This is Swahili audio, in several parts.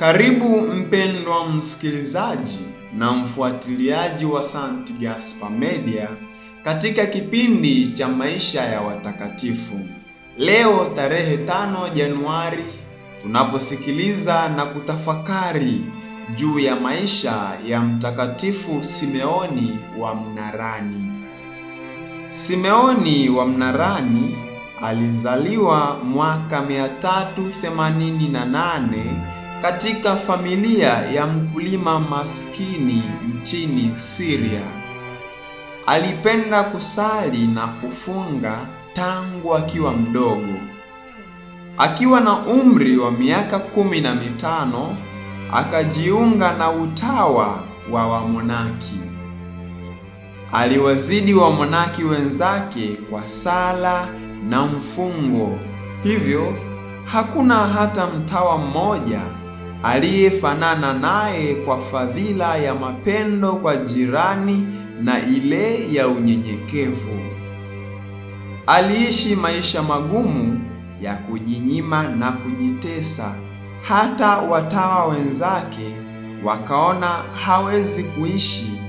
Karibu mpendwa msikilizaji na mfuatiliaji wa St. Gaspar Media katika kipindi cha maisha ya watakatifu. Leo tarehe tano Januari tunaposikiliza na kutafakari juu ya maisha ya Mtakatifu Simeoni wa Mnarani. Simeoni wa Mnarani alizaliwa mwaka 388 katika familia ya mkulima maskini nchini Syria. Alipenda kusali na kufunga tangu akiwa mdogo. Akiwa na umri wa miaka kumi na mitano akajiunga na utawa wa wamonaki. Aliwazidi wamonaki wenzake kwa sala na mfungo, hivyo hakuna hata mtawa mmoja aliyefanana naye kwa fadhila ya mapendo kwa jirani na ile ya unyenyekevu. Aliishi maisha magumu ya kujinyima na kujitesa, hata watawa wenzake wakaona hawezi kuishi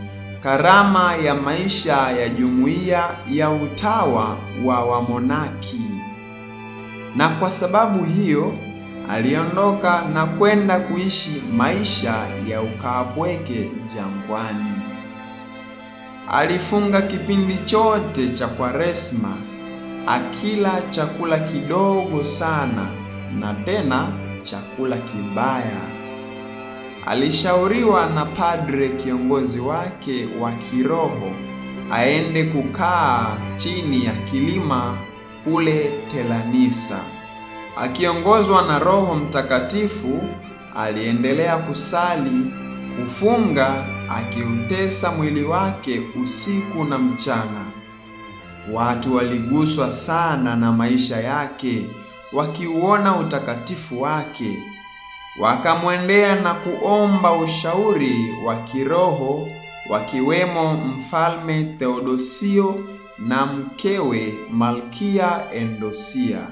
karama ya maisha ya jumuiya ya utawa wa Wamonaki, na kwa sababu hiyo aliondoka na kwenda kuishi maisha ya ukaapweke jangwani. Alifunga kipindi chote cha Kwaresma akila chakula kidogo sana na tena chakula kibaya. Alishauriwa na padre kiongozi wake wa kiroho aende kukaa chini ya kilima kule Telanisa. Akiongozwa na Roho Mtakatifu, aliendelea kusali, kufunga, akiutesa mwili wake usiku na mchana. Watu waliguswa sana na maisha yake, wakiuona utakatifu wake, wakamwendea na kuomba ushauri wa kiroho, wakiwemo Mfalme Theodosio na mkewe Malkia Endosia.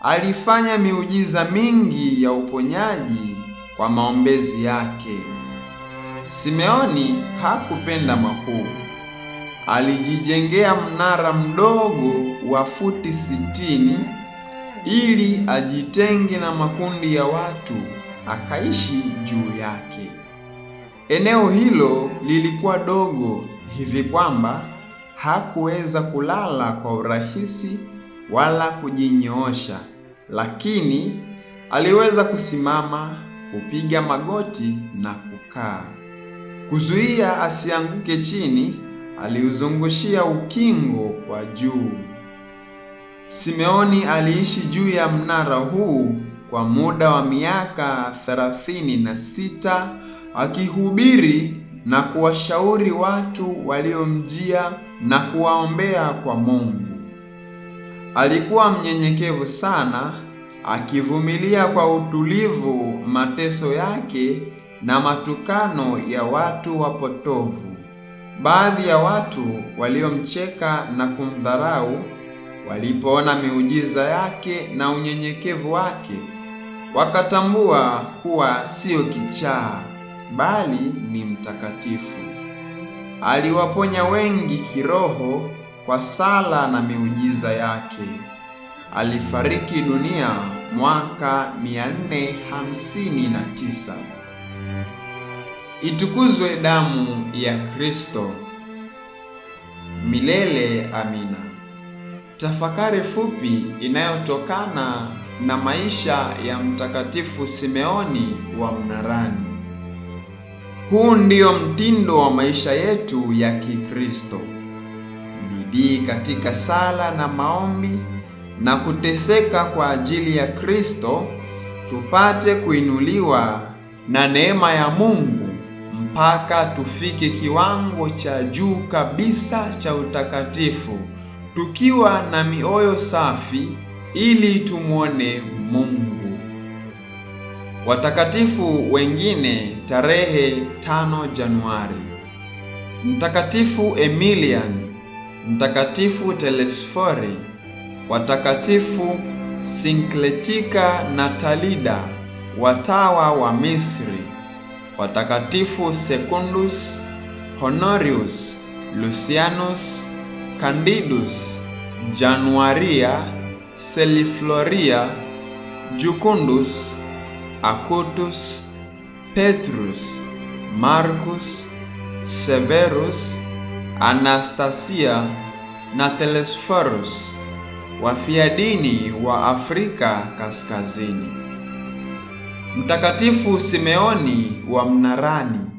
Alifanya miujiza mingi ya uponyaji kwa maombezi yake. Simeoni hakupenda makuu. Alijijengea mnara mdogo wa futi sitini ili ajitenge na makundi ya watu, akaishi juu yake. Eneo hilo lilikuwa dogo hivi kwamba hakuweza kulala kwa urahisi wala kujinyoosha, lakini aliweza kusimama, kupiga magoti na kukaa. Kuzuia asianguke chini, aliuzungushia ukingo kwa juu. Simeoni aliishi juu ya mnara huu kwa muda wa miaka thelathini na sita akihubiri na kuwashauri watu waliomjia na kuwaombea kwa Mungu. Alikuwa mnyenyekevu sana, akivumilia kwa utulivu mateso yake na matukano ya watu wapotovu. Baadhi ya watu waliomcheka na kumdharau walipoona miujiza yake na unyenyekevu wake, wakatambua kuwa siyo kichaa bali ni mtakatifu. Aliwaponya wengi kiroho kwa sala na miujiza yake. Alifariki dunia mwaka 459. Itukuzwe damu ya Kristo! Milele amina. Tafakari fupi inayotokana na maisha ya Mtakatifu Simeoni wa Mnarani. Huu ndio mtindo wa maisha yetu ya Kikristo bidii katika sala na maombi na kuteseka kwa ajili ya Kristo, tupate kuinuliwa na neema ya Mungu mpaka tufike kiwango cha juu kabisa cha utakatifu, tukiwa na mioyo safi ili tumwone Mungu. Watakatifu wengine tarehe 5 Januari: Mtakatifu Emilian Mtakatifu Telesfori, watakatifu Sinkletika na Talida, watawa wa Misri, watakatifu Secundus, Honorius, Lucianus, Candidus, Januaria, Selifloria, Jucundus, Acutus, Petrus, Marcus, Severus Anastasia na Telesforus wafia dini wa Afrika Kaskazini. Mtakatifu Simeoni wa Mnarani